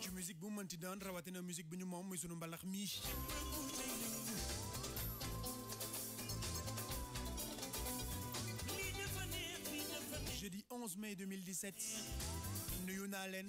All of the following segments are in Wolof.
ci musique bu mënti doon rawatina musique bi ñu moom muy sunu mbalax mi jeudi 11 mai 2017 nuyu naa leen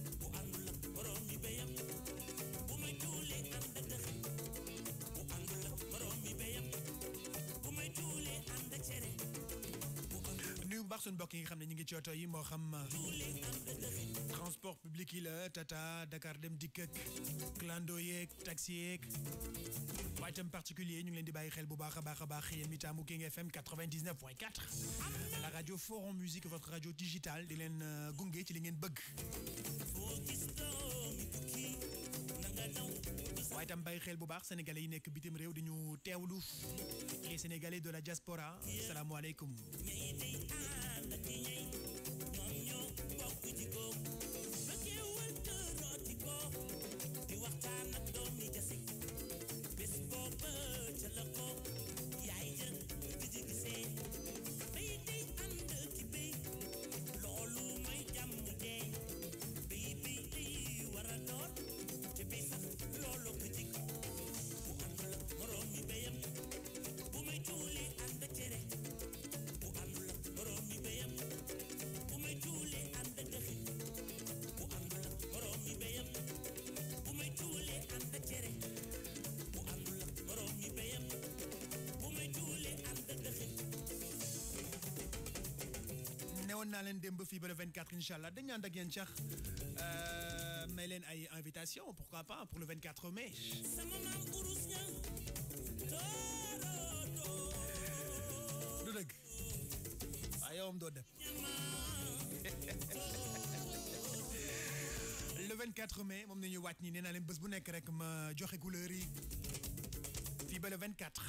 wax suñu mbokk ñu ngi yi xam euh, transport public yi la tata Dakar dem dikk ak clando yeeg taxi particulier ñu ngi leen di bàyyi xel bu baax a baax FM 99.4. la radio forum musique votre radio digitale di leen euh, gunge ci li ngeen bëgg waaye itam xel bu baax sénégalais yi nekk bitim rew di ñu teewlu les sénégalais de la diaspora asalaamaaleykum naa leen dem ba le 24 Inch'Allah. allah dañu ànd ak yéen cax euh, ay invitation pourquoi pas pour le 24 mai. du dëgg waaye yow le 24 mai moom la ñuy waaj nii nee naa leen bés bu nekk rek ma joxe couleur yi le 24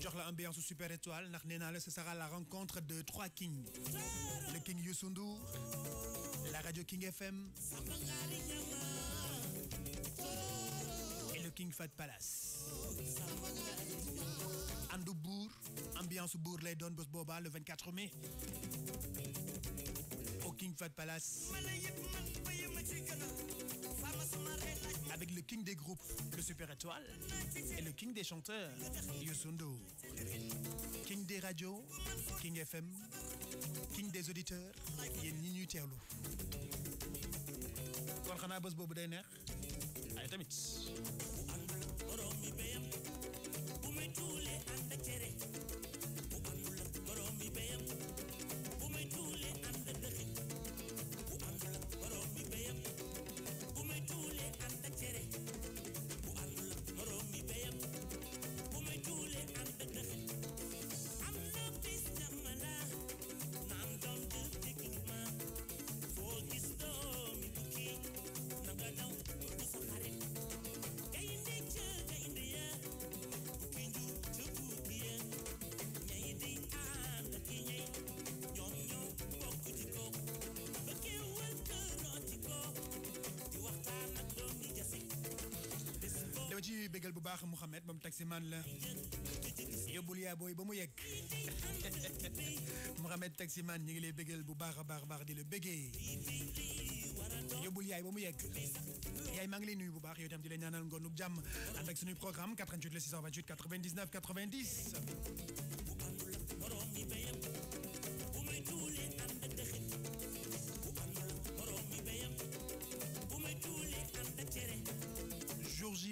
sur l'ambiance ambiance super étoile ce sera la rencontre de trois kings le king Yusundur la radio King FM et le king Fat Palace Andoubour, ambiance Bour Laydon Bosboba le 24 mai au king Fat Palace avec le king des groupes, le Super Étoile, et le king des chanteurs, Yosundo. King des radios, King FM, king des auditeurs, et Nutialo. bégal bu baax Mouhamed moom taximaan la yóbbul yaa booy ba mu yegg Mouhamed taximaan ñu ngi lay bégal bu baax a baax di la bégee yóbbul yaay ba mu yegg yaay maa ngi lay nuyu bu baax yow itam di la ñaanal ngoonub jàmm ànd ak suñu programme 88 le 628 99 90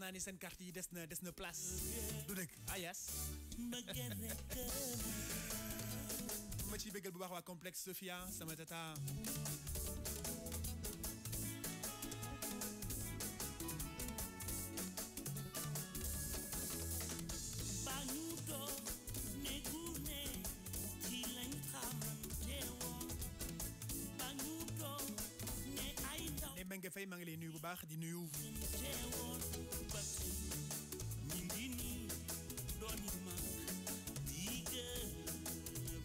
naa ni seen carte yi des na des na place du dëkk ayas ah, ma ciy bëggal bu baax wa complexe Sofia sama tata Mbengue Faye maa ngi lay nuyu bu baax di nuyu batu nyindini doni mak diga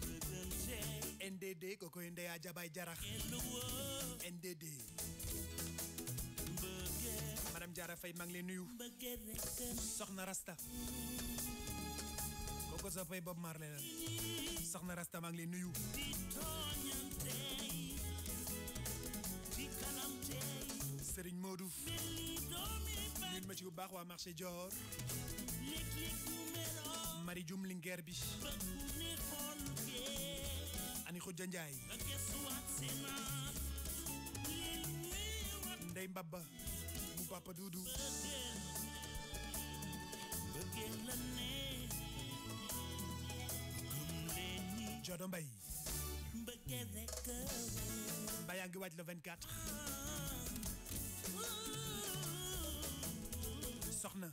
bedel NDD koko aja bay jarah NDD Madame Diarra Faye maa ngi nuyu soxna Rasta koko sa fay Bob Marley la soxna Rasta maa nuyu di di Serigne Modou ñun ma ci bu baax waa marché Dior Marie Dioum Linguère bi Ani Khoudia Ndiaye Ndeye Mbaba mu Papa Doudou Jodo Mbaye Bayang ngi waaj le 24 soxna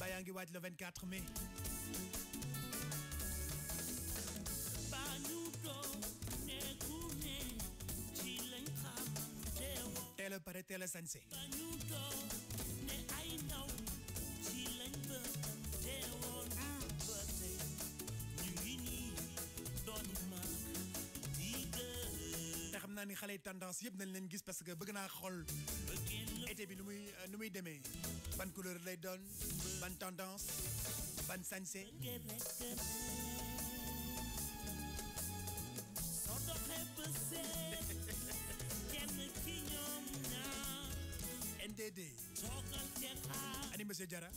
bayaa ngi waaj le 24 mai teel a pare teel a sañse ni xalé tendance yëpp nañ leen gis parce que bëgg naa xol été bi nu muy euh, nu muy demee ban couleur lay doon ban tendance ban sañse NDD ani monsieur Diarra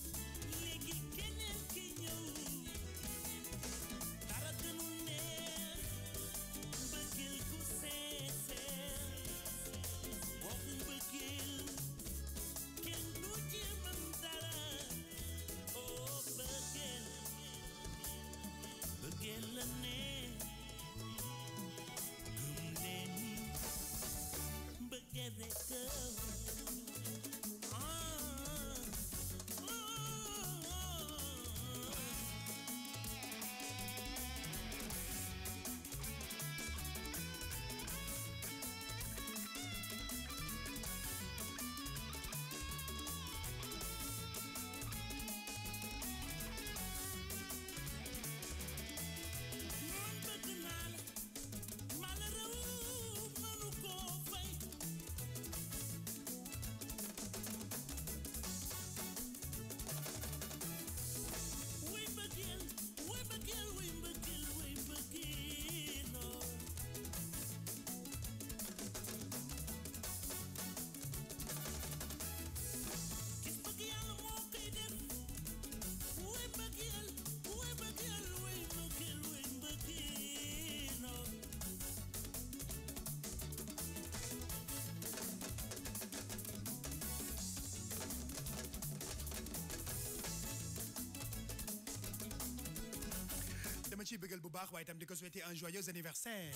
ci bëggal bu baax waaye tam di souhaiter un joyeux anniversaire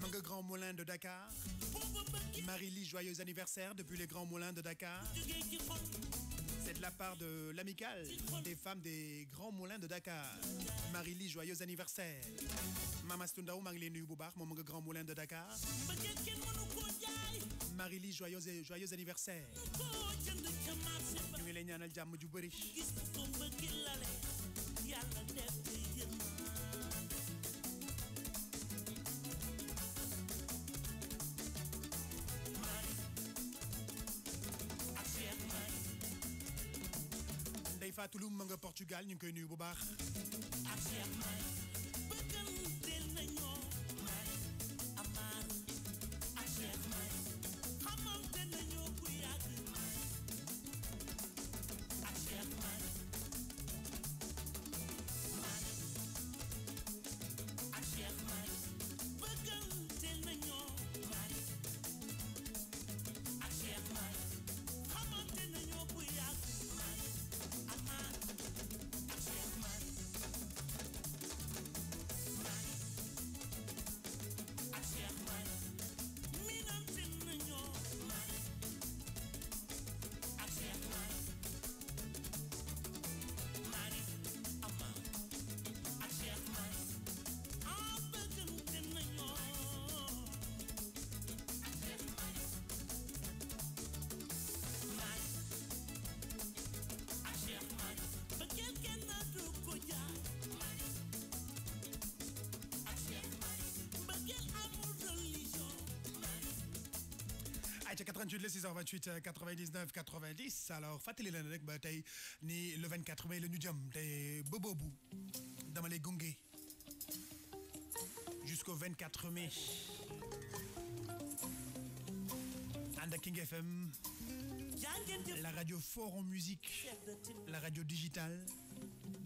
ma Grand Moulin de Dakar marie joyeux anniversaire depuis les Grands Moulins de Dakar c'est de la part de l'amicale des femmes des Grands Moulins de Dakar Marie-Lie joyeux anniversaire Mama Stundaw maa bu baax nga Grand Moulin de Dakar Marie-Lie joyeux joyeux anniversaire ñu ngi ñaanal ju Fatou Loum ma nga Portugal ñu ngi koy nuyu bu baax. C'est 6 6h28, 99 90 alors fàttali bataille, ni le 24 mai le nu jëm bobo Bobobou, dans jusqu'au 24 mai King FM la radio fort en musique la radio digitale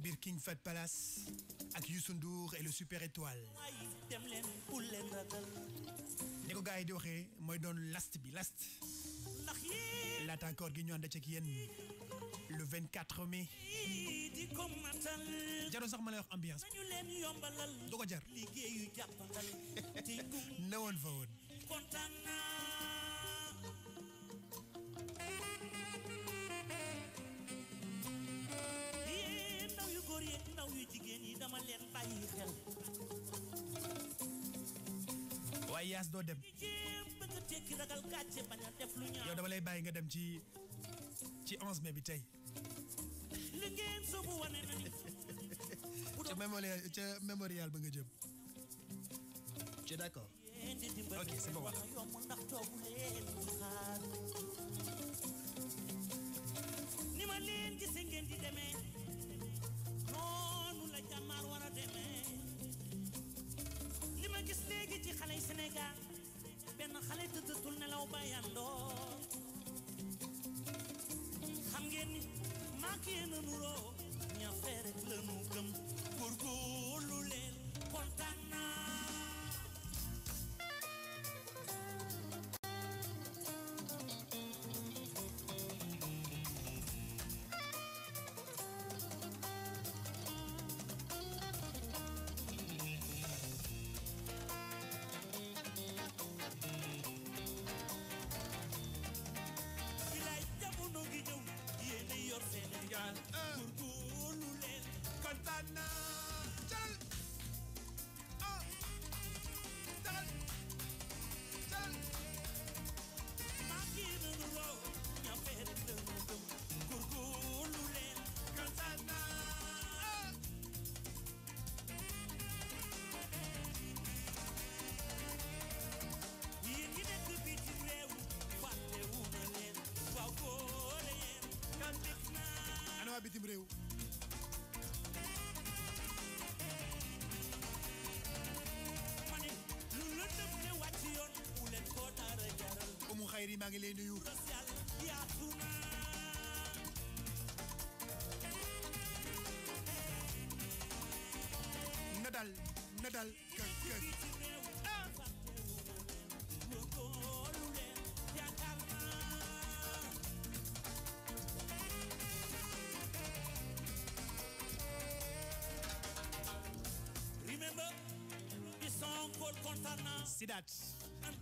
Birkin Fat Palace Akiyusundur et le Super Étoile ni ko gars yi di waxee mooy doon last bi last laata koor gi ñoo ànd ci ak yéen le 24 mai jarul sax ma lay wax ambiance du ko jar ne fa woon waaye yaas doo dem yow dama lay bàyyi nga dem ci ci 11 mai bi tey ca mémorial ca mémorial ba nga jëm ca d'accord ni ma leen gis ngeen di demee xale yi Sénégal benn xale tëddatul nelaw bàyyandoo xam ngeen ni maa ngi leen a nuroo ñafe rek la nu gëm. Nadal, Nadal, Remember, See that.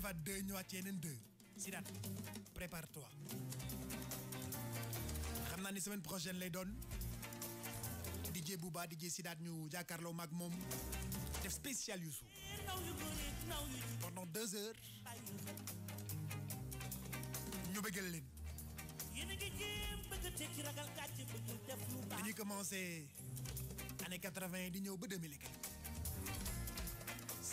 va deux ñëwaat ci yeneen deux si prépare toi xam ni semaine prochaine lay doon DJ Bouba, DJ Sidat, nous, Jacarlo, Magmom, c'est spécial, Youssou. Pendant deux heures, nous begalons. Nous commencé années 80, nous 2000.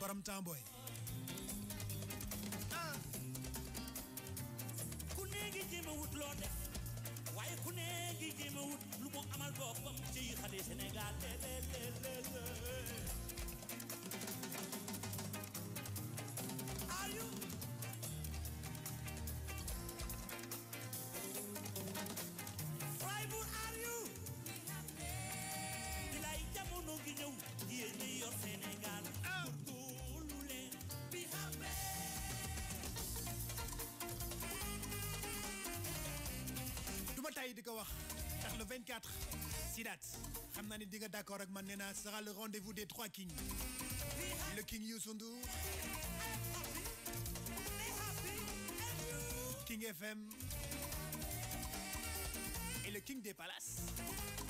borom tamboy ah ku ne ngi wut loo def waaye ku ne ngi 24 Sidat. Amnani Diga d'accord avec Manena sera le rendez-vous des trois kings le king Youssou King FM et le king des palaces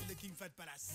le king Fat Palace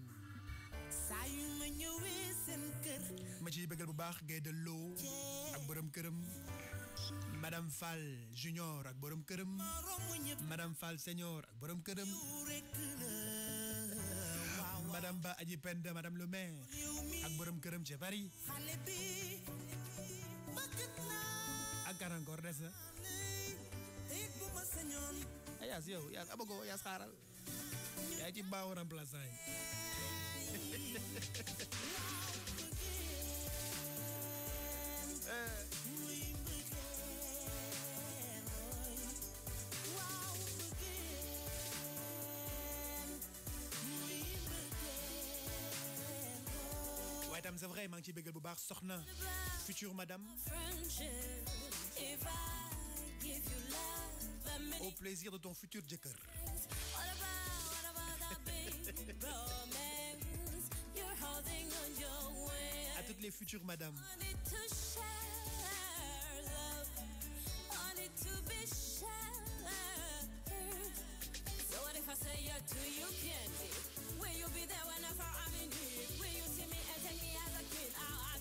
saa yu bu baax gay de ak borom këram madame Fall junior ak borom këram madame Fall senior ak borom këram madame Ba Aji Penda le maire ak borom këram ci Paris ak karankoor des na ay yaas yow yaas abago yaas xaaral yaay ci baaw remplaçant yi Madame Ouais, dame, c'est vrai, Manki Begel Bobar, Sorna, future madame. Au plaisir de ton futur Jacker. les futures madames.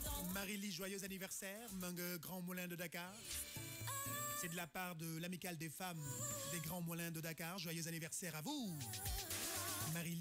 Oh, marie joyeux anniversaire, Mungue, Grand Moulin de Dakar. C'est de la part de l'amicale des femmes des Grands Moulins de Dakar. Joyeux anniversaire à vous, marie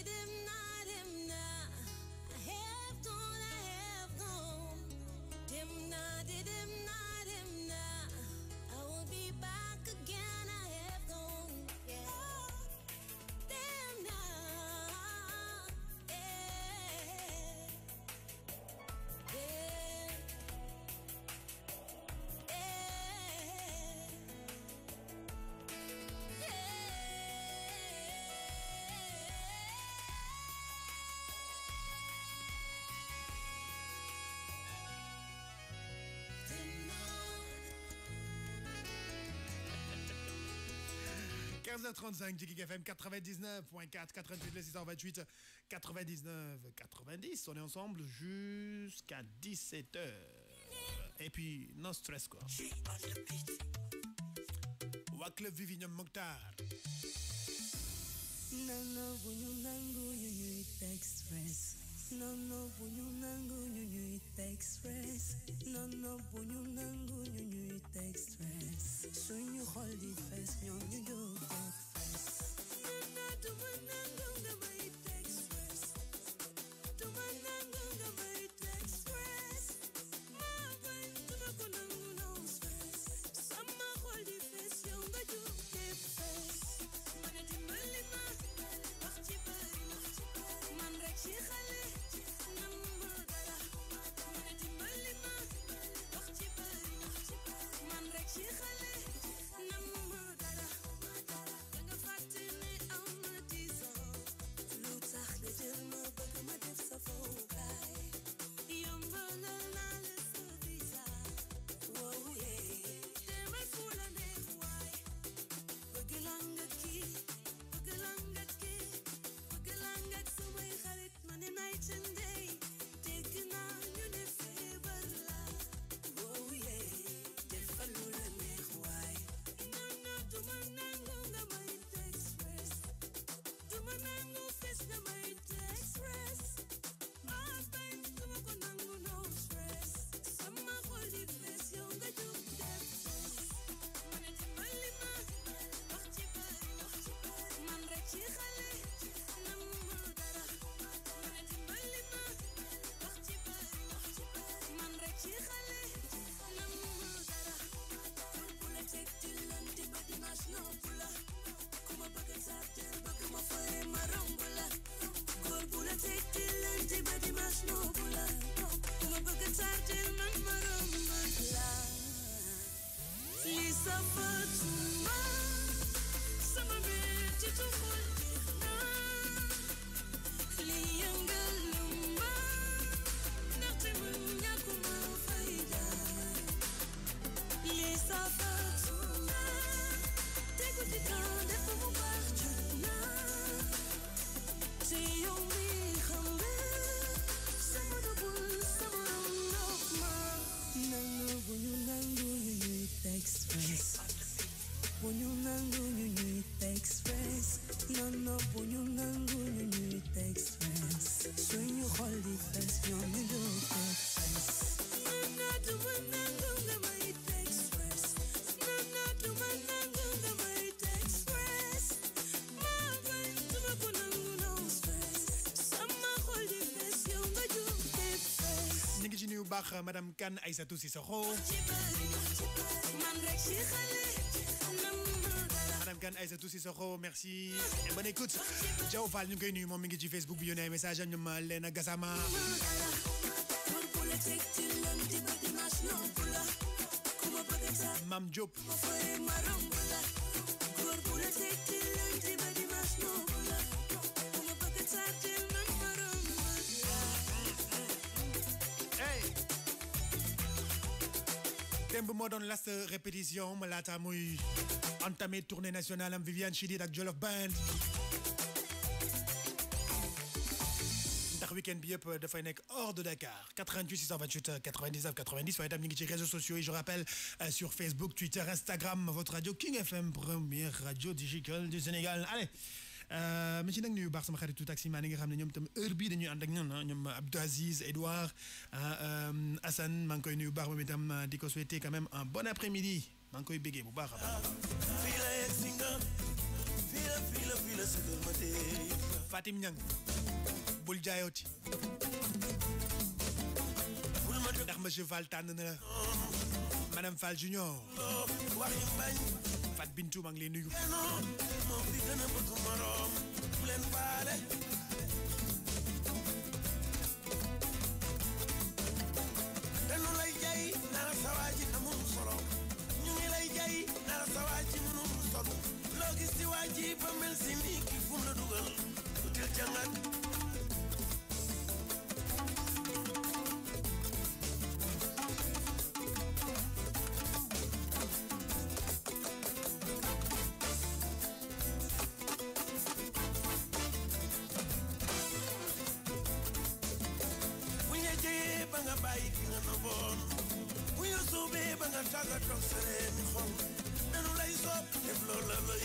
didn't 15h35, TKFM 99.4, 88, 628, 99, 90. On est ensemble jusqu'à 17h. Et puis, non stress quoi. Waklef Vivignum Mokhtar. Nano bunyu nangu nyunyu it express. Nano bunyu nangu nyunyu it express. Nano bunyu nangu nyunyu it express. it now. see you leave. baax eh, madame Kan Aïssatou Sissoko madame Kan Aïssatou Sissoko merci et bonne écoute Ciao, Fall nous ngi Mon mon moom Facebook bi yónnee message am ñoom Lena Gassama Mam Diop démb moo la last répétition ma laata muy entamé tournée nationale am Vivian Chidid ak Jolof Band ndax week-end bi da fay nek hors de Dakar 88 628 99 90 waaye tam amis ngi ci réseaux sociaux et je rappelle euh, sur Facebook Twitter Instagram votre radio King FM première radio digitale du Sénégal allez Euh, ma ci nag nuyu baax sama xaritu taximaan ni nga xam ne ñoom itam heure bii dañuy ànd ak ñoom ah, ñoom Abdou Aziz Edouard ah, euh, Assane maa ngi koy nuyu baax moom itam ah, di ko souhaiter quand même un bon après-midi maa ngi koy béggee bu baax a baax Fatim Niang bul jaayooti monsieur Fall tànn na madame Fall Junior Fat Bintou maa ngi lay nuyu danu lay jay nara sawaaji amul solo ñu ngi lay jay nara sawaaji mënul solo loo gis ci waaji ba si nii fum la dugal util jàngat nga toog sa reeni xol nenu lay sopp def loola lay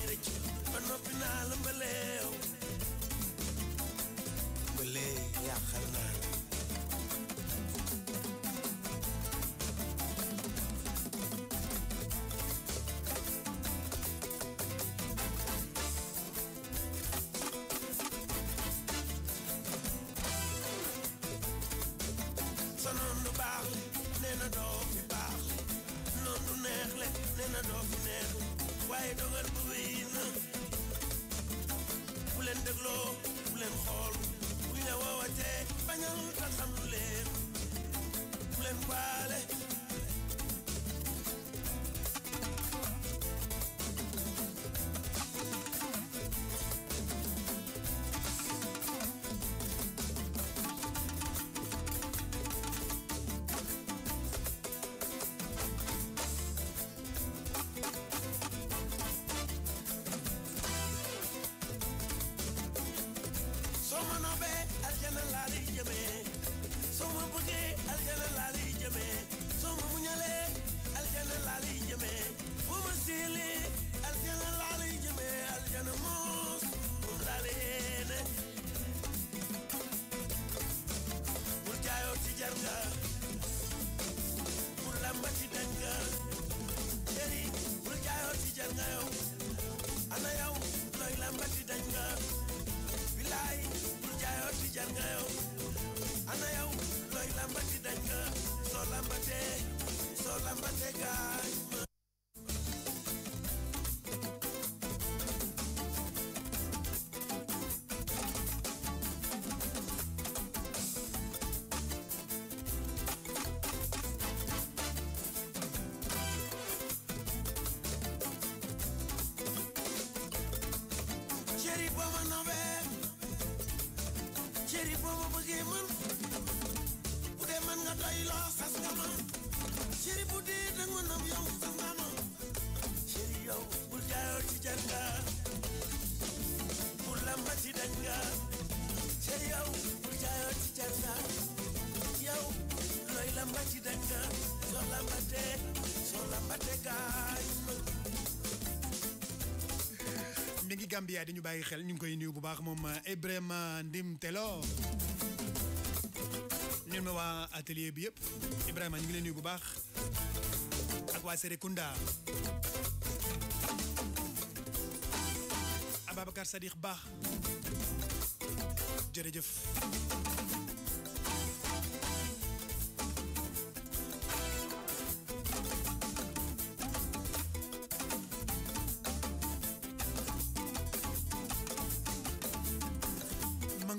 aljana laa lay jëmee soo ma bëggee aljana laa lay jëmee soo ma yi aljana laa lay jëmee boo ma siilee aljana laa lay jëmee aljana moos moom ci jar nga bul lamba ci dañ nga ci jar yow ana yow looy lamba ci bilaay jaayoo ci jar nga yow ana yow looy lambati dañ nga soo lambatee soo lambatee gaañ Gambia di ñu bàyyi xel ñu ngi koy nuyu bu baax moom eh, Ibrahima Ndim Telo ñun ma waa atelier bi yëpp Ibrahima ñu ngi leen bu baax ak waa Serekunda Ababacar Sadikh Ba jërëjëf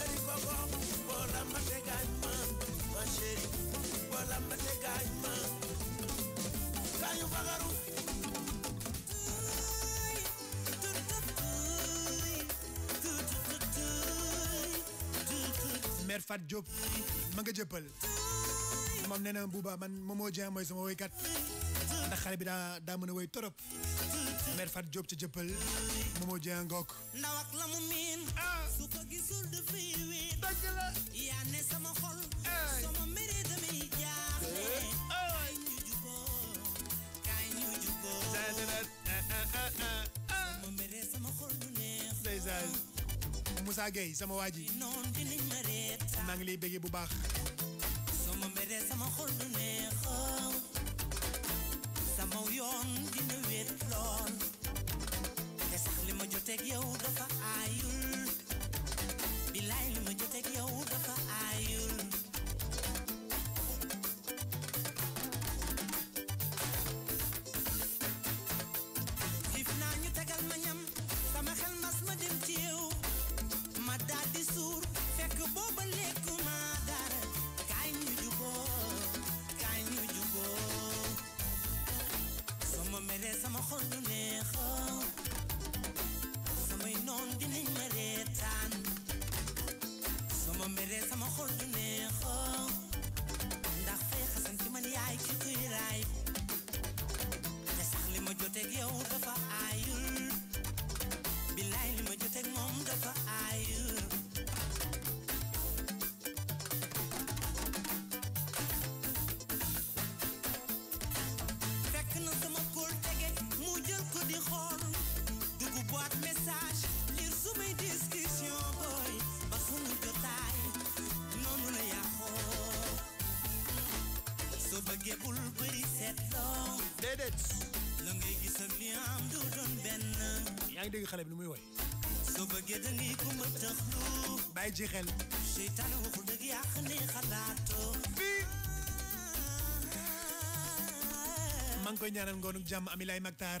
chéri bobo bola mateka ima ma chéri kayu bagaru Fat ma nga man Momo Dieng mooy sama woykat ndax xale bi da daa mën a torop mère Fat Diop ca jëppal Momo Dieng Ngok ndaw ak la mu miin ah. su ko gisul dafay wéet dëgg la yaa ne sama xol sama méré damay jaaxle kaay ñu juboo kaay ñu juboo sama méré sama xol du neex ndeysaan Moussa Gueye sama waa ji noon dinañ ma reet maa ngi lay bëggee bu baax sama méré sama xol du neex sama yoon dina wéet lool te li ma joteeg yow dafa aayul bilaay li ma joteeg yow dafa aayul ngi dégg xale bi nu muy woy soo bëggee da ngay ko mën tax lu bàyyi ci xel seytaane waxul dëgg yàq ne xalaatoo bii maa ngi koy ñaanal ngoonu jàmm ami lay Maktar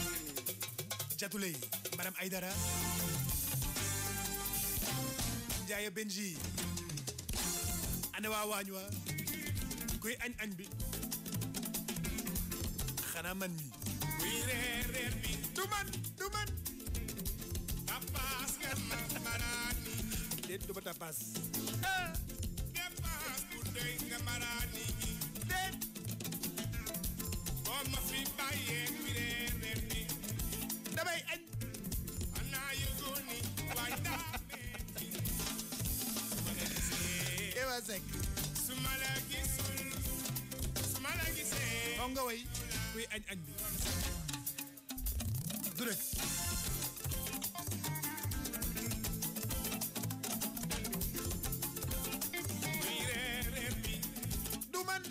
jatule Madame Aidara, jaya Benji, anawa waa waañ wa kuy bi Rebi, man mi kuy reer reer bi du man du man tapas nga na maraani du tapas nga ma fi damay añ Ewa Seck su ma la gisul su ma la gisee moom nga way kuy añ añ bi du rek du man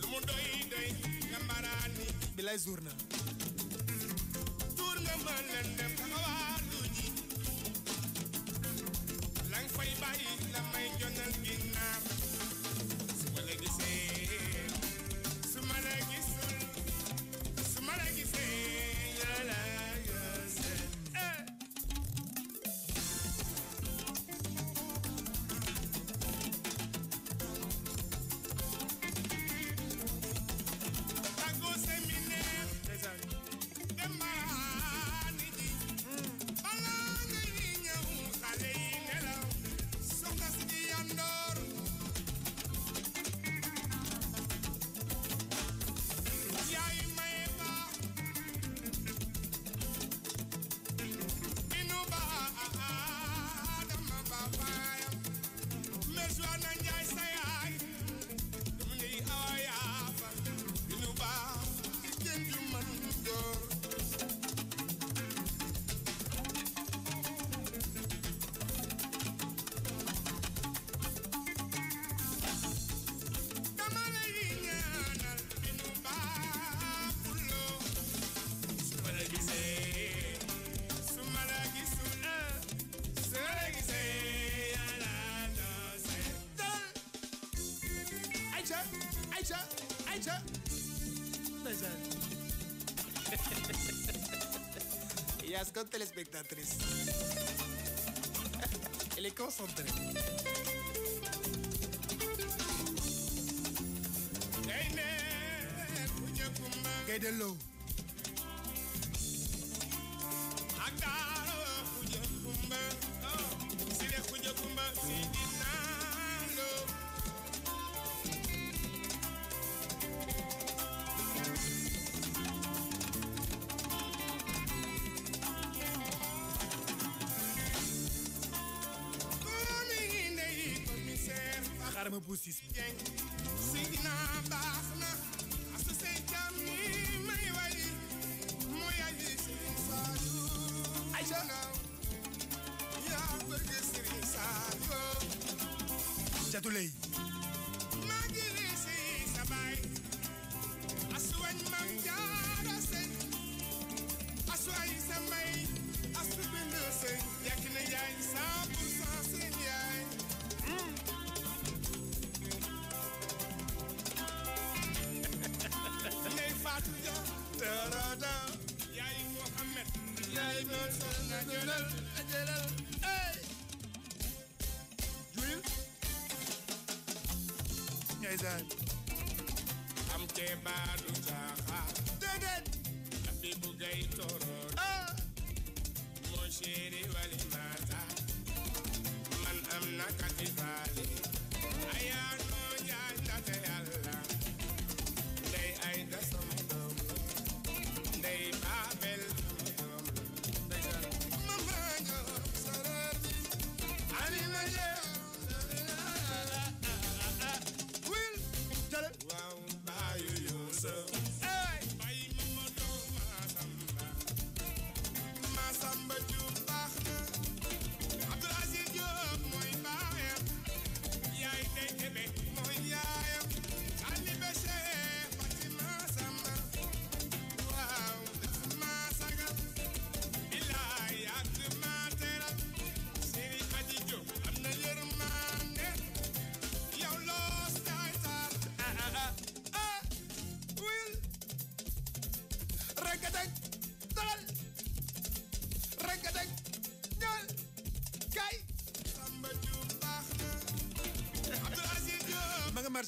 lu mu doy doy nga mbaraan ni bilay jour na London. Ya ya las con telespectatriz. El eco son tres. racisme.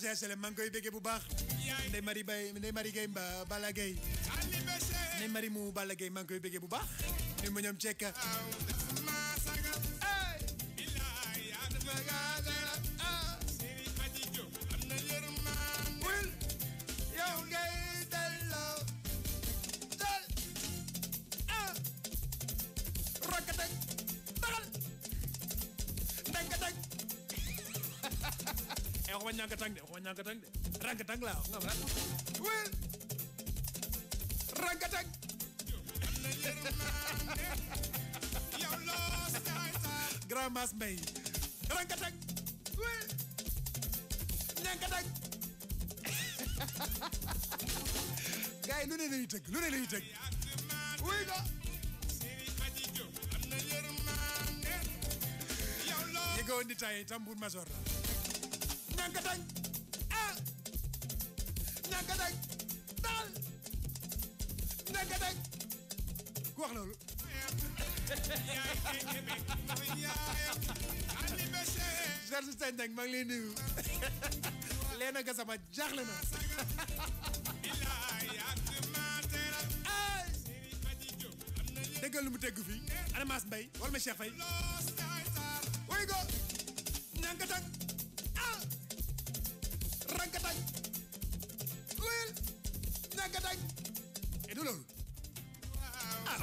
anniversaire Sélé maa ngi koy béggee bu baax Ndeye Marie Baye Ndeye Marie Guèye Mba bala Guèye Ndeye Marie mu Balla bala gay ngi koy béggee bu baax ñu ma ñoom Cekka Non, vraiment Oui Rangatag Grand Mass Mbaye Rangatag Oui Ñangatag gars yi lu ne lañuy tëgg lu ne lañuy tëgg oui nga yi nga di tay tambour major la ñangatag nanga deg daal ku wax loolu George Sène Dieng maa ngi lay ana Mass Mbaye wala ma Cheikh Faye go ñanga ah! tang na gadañ e du loolu ah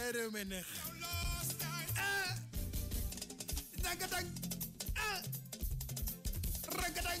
eh, réew mi neex ah dagadañ ah ragadaj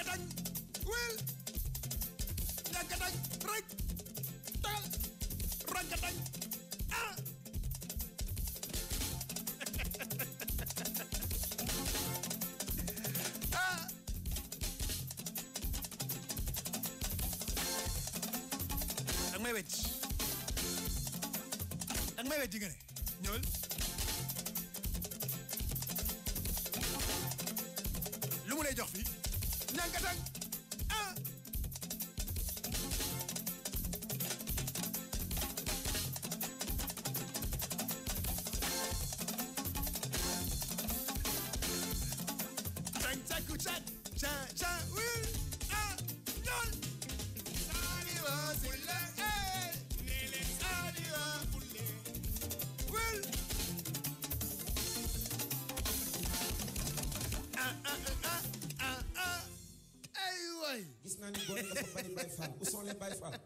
Dagadang, Will, Dagadang, Rick, Tal, Rangadang, Ah! Ang may wedge. Ang may wedge nga eh. Nyol. Où sont les Baïfal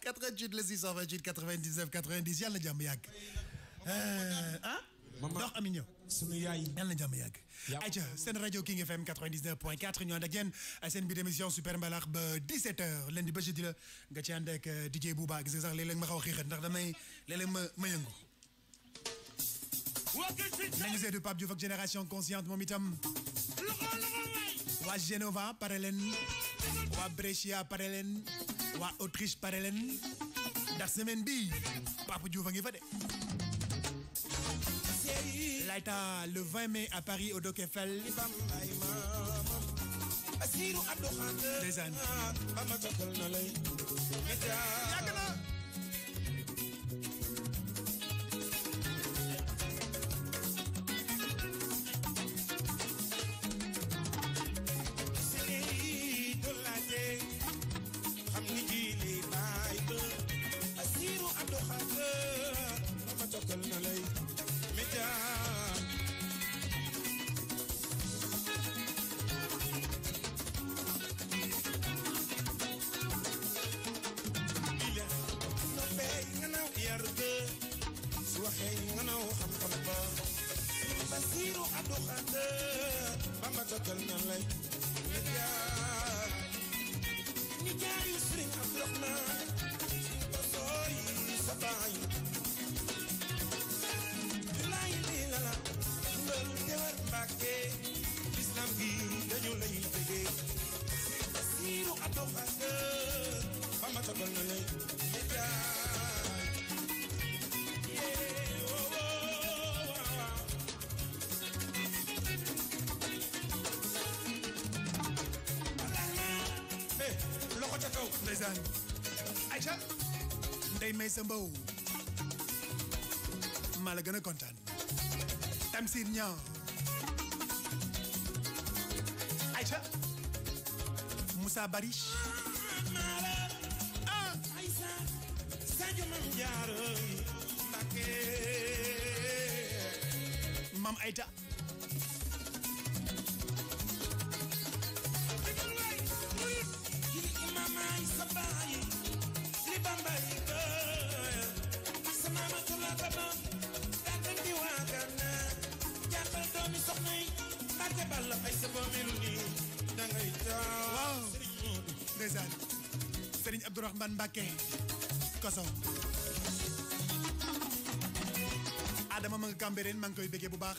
88 les 628 99 90 yàlla na jàmm yàgg. Euh, ah. ndox Aminio. sunu yaay. yàlla na jàmm yàgg. ayca seen rajo King FM 99.4 ñu and ak yéen seen bi démission super mbalax ba 17h lundi ba jeudi la nga ci ànd ak euh, DJ Bouba gis sax léeg ma xaw a ndax damay léeg ma ma yëngu. de Pape du ak génération consciente moom itam wa Genova parelen, wa Brescia parelen, wa Autriche parelen, dans semaine bi, Papa Diouf a ngi fa de L'Aïta, le 20 mai à Paris au Dock Eiffel années. ndeysaan Aïcha Ndeye Maysa Mbow maa la gën a kontaan Tamsir Niang Aïcha Moussa Abdourahmane Mbacké koso Adama ma nga Cambérène maa ngi koy béggee bu baax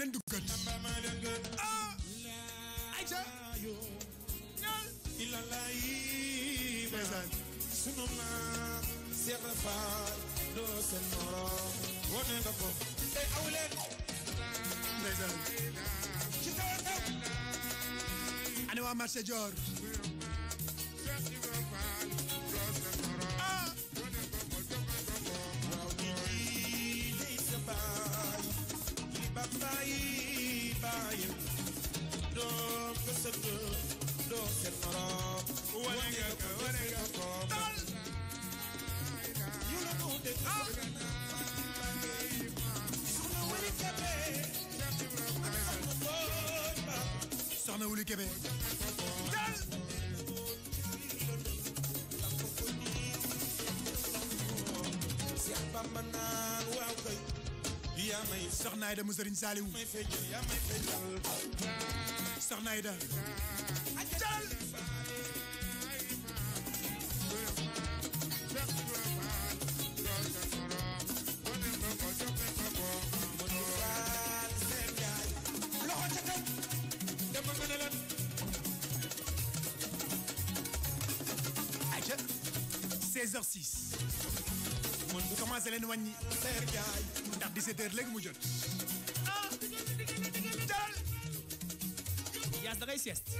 leen duggal ah ayca ñal sunu maam Seex Faal doo seen morom wone nga ko tey aw leen ndeysaan ana waa marché Dior Aida mu Serigne Saliou Soxna Aida ajal Aïcha 16h06 mu commencé leen wàññi ndax 17h léegi mu jot noisiest.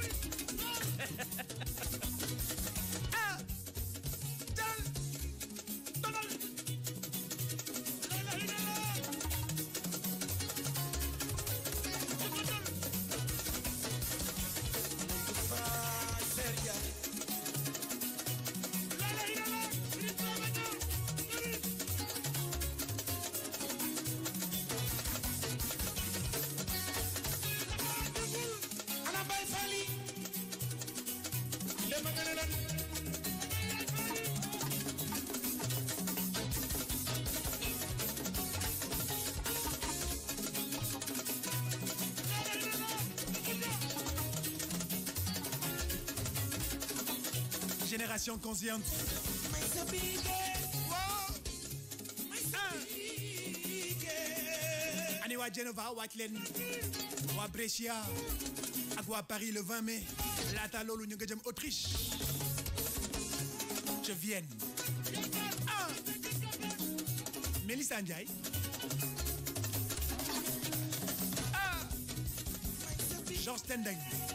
génération consciente. Hein. Anewa Genova, Watlen, Wa Brescia, Agua Paris le 20 mai, Latalo, l'Union Autriche. Je viens. Melissa hein. Mélissa Ndiaye. Ah.